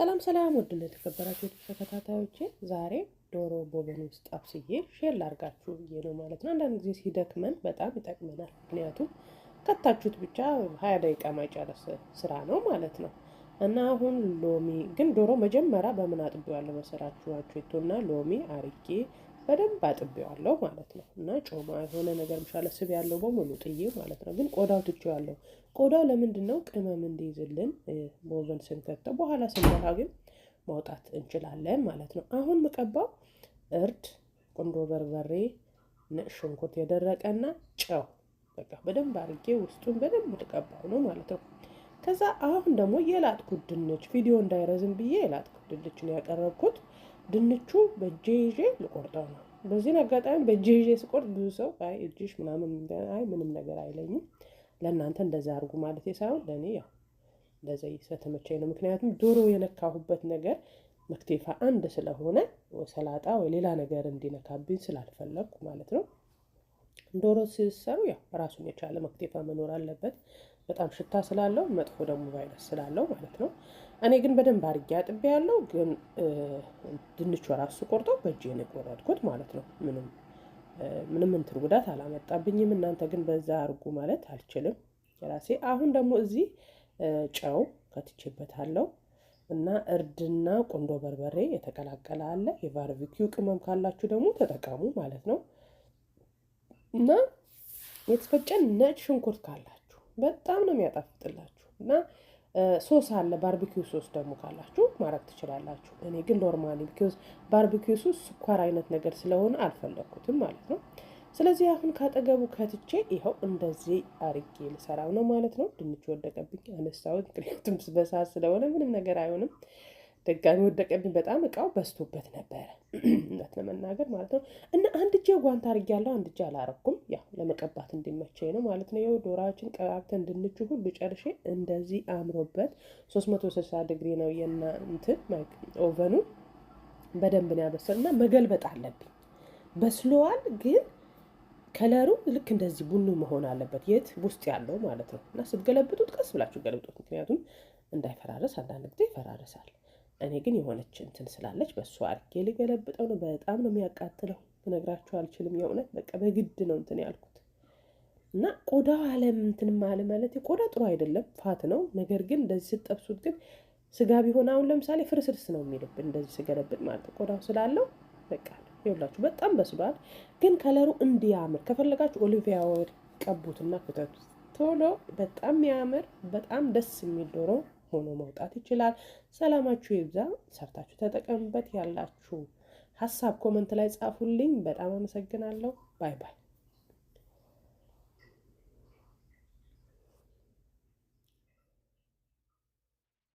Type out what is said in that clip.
ሰላም ሰላም፣ ውድና የተከበራችሁ ተከታታዮቼ ዛሬ ዶሮ ቦበን ውስጥ አብስዬ ሼር ላርጋችሁ ብዬ ነው ማለት ነው። አንዳንድ ጊዜ ሲደክመን በጣም ይጠቅመናል። ምክንያቱም ከታችሁት ብቻ ሀያ ደቂቃ ማይጨርስ ስራ ነው ማለት ነው እና አሁን ሎሚ ግን ዶሮ መጀመሪያ በምን አጥቤዋለሁ መሰላችኋችሁ? ና ሎሚ አርጌ በደንብ አጥቤዋለሁ ማለት ነው። እና ጮማ የሆነ ነገር ምሻለ ስብ ያለው በሙሉ ጥዬ ማለት ነው። ግን ቆዳው ትቼዋለሁ። ቆዳው ለምንድን ነው ቅመም እንዲይዝልን በወዘን ስንከተው፣ በኋላ ስንበላ ግን ማውጣት እንችላለን ማለት ነው። አሁን ምቀባው እርድ፣ ቁንዶ በርበሬ፣ ነጭ ሽንኩርት የደረቀና ጨው በቃ በደንብ አድርጌ ውስጡን በደንብ ልቀባው ነው ማለት ነው። ከዛ አሁን ደግሞ የላጥኩት ድንች ቪዲዮ እንዳይረዝም ብዬ የላጥኩት ድንች ነው ያቀረብኩት። ድንቹ በእጄ ይዤ ልቆርጠው ነው። በዚህን አጋጣሚ በእጄ ይዤ ስቆርጥ ብዙ ሰው አይ እጅሽ ምናምን አይ ምንም ነገር አይለኝም። ለእናንተ እንደዛ አድርጉ ማለት ሳይሆን ለእኔ ያው እንደዚ ስለተመቸኝ ነው። ምክንያቱም ዶሮ የነካሁበት ነገር መክቴፋ አንድ ስለሆነ ሰላጣ ወይ ሌላ ነገር እንዲነካብኝ ስላልፈለግኩ ማለት ነው። ዶሮ ሲሰሩ ያው ራሱን የቻለ መክቴፋ መኖር አለበት። በጣም ሽታ ስላለው መጥፎ ደግሞ ቫይረስ ስላለው ማለት ነው። እኔ ግን በደንብ አድርጌ አጥቤ ያለው ግን ድንቹ ራሱ ቆርጠው በእጄ ነው የቆረጥኩት ማለት ነው። ምንም ምንም እንትን ጉዳት አላመጣብኝም። እናንተ ግን በዛ አርጉ ማለት አልችልም ራሴ። አሁን ደግሞ እዚህ ጨው ከትቼበታለሁ እና እርድና ቆንዶ በርበሬ የተቀላቀለ አለ። የባርቢኪው ቅመም ካላችሁ ደግሞ ተጠቀሙ ማለት ነው እና የተፈጨ ነጭ ሽንኩርት ካላችሁ በጣም ነው የሚያጣፍጥላችሁ እና ሶስ አለ ባርቢኪው ሶስ ደግሞ ካላችሁ ማድረግ ትችላላችሁ። እኔ ግን ኖርማሊ ቢኪዝ ባርቢኪው ሶስ ስኳር አይነት ነገር ስለሆነ አልፈለግኩትም ማለት ነው። ስለዚህ አሁን ካጠገቡ ከትቼ ይኸው እንደዚህ አርጌ ልሰራው ነው ማለት ነው። ድንች ወደቀብኝ አነሳሁት፣ ምክንያቱም በሰዓት ስለሆነ ምንም ነገር አይሆንም። ደጋሚ ወደቀብኝ። በጣም እቃው በዝቶበት ነበረ እውነት ለመናገር ማለት ነው። እና አንድ እጄ ጓንት አርጌ ያለው አንድ እጄ አላረኩም ያው ለመቀባት እንዲመቸኝ ነው ማለት ነው። ይኸው ዶራችን ቀባብተን ድንቹ ሁሉ ጨርሼ እንደዚህ አምሮበት 360 ዲግሪ ነው የእናንትን ኦቨኑ በደንብ ነው ያበሰልና መገልበጥ አለብኝ። በስለዋል ግን ከለሩ ልክ እንደዚህ ቡኒ መሆን አለበት፣ የት ውስጥ ያለው ማለት ነው። እና ስትገለብጡት ቀስ ብላችሁ ገለብጡት፣ ምክንያቱም እንዳይፈራረስ አንዳንድ ጊዜ ይፈራረሳል። እኔ ግን የሆነች እንትን ስላለች በእሱ አርጌ ልገለብጠው ነው። በጣም ነው የሚያቃጥለው። እነግራችሁ አልችልም። የእውነት በቃ በግድ ነው እንትን ያልኩት እና ቆዳ አለ እንትን ማለ ማለት ቆዳ ጥሩ አይደለም፣ ፋት ነው። ነገር ግን እንደዚህ ስጠብሱት ግን ስጋ ቢሆን አሁን ለምሳሌ ፍርስርስ ነው የሚልብን እንደዚህ ስገለብጥ ማለት ቆዳው ስላለው በቃ ይኸውላችሁ በጣም በስሏል። ግን ከለሩ እንዲያምር ከፈለጋችሁ ኦሊቪያ ኦይል ቀቡትና ክተቱት። ቶሎ በጣም ያምር በጣም ደስ የሚል ዶሮ ሆኖ መውጣት ይችላል። ሰላማችሁ ይብዛ። ሰርታችሁ ተጠቀሙበት ያላችሁ ሀሳብ ኮመንት ላይ ጻፉልኝ። በጣም አመሰግናለሁ። ባይ ባይ።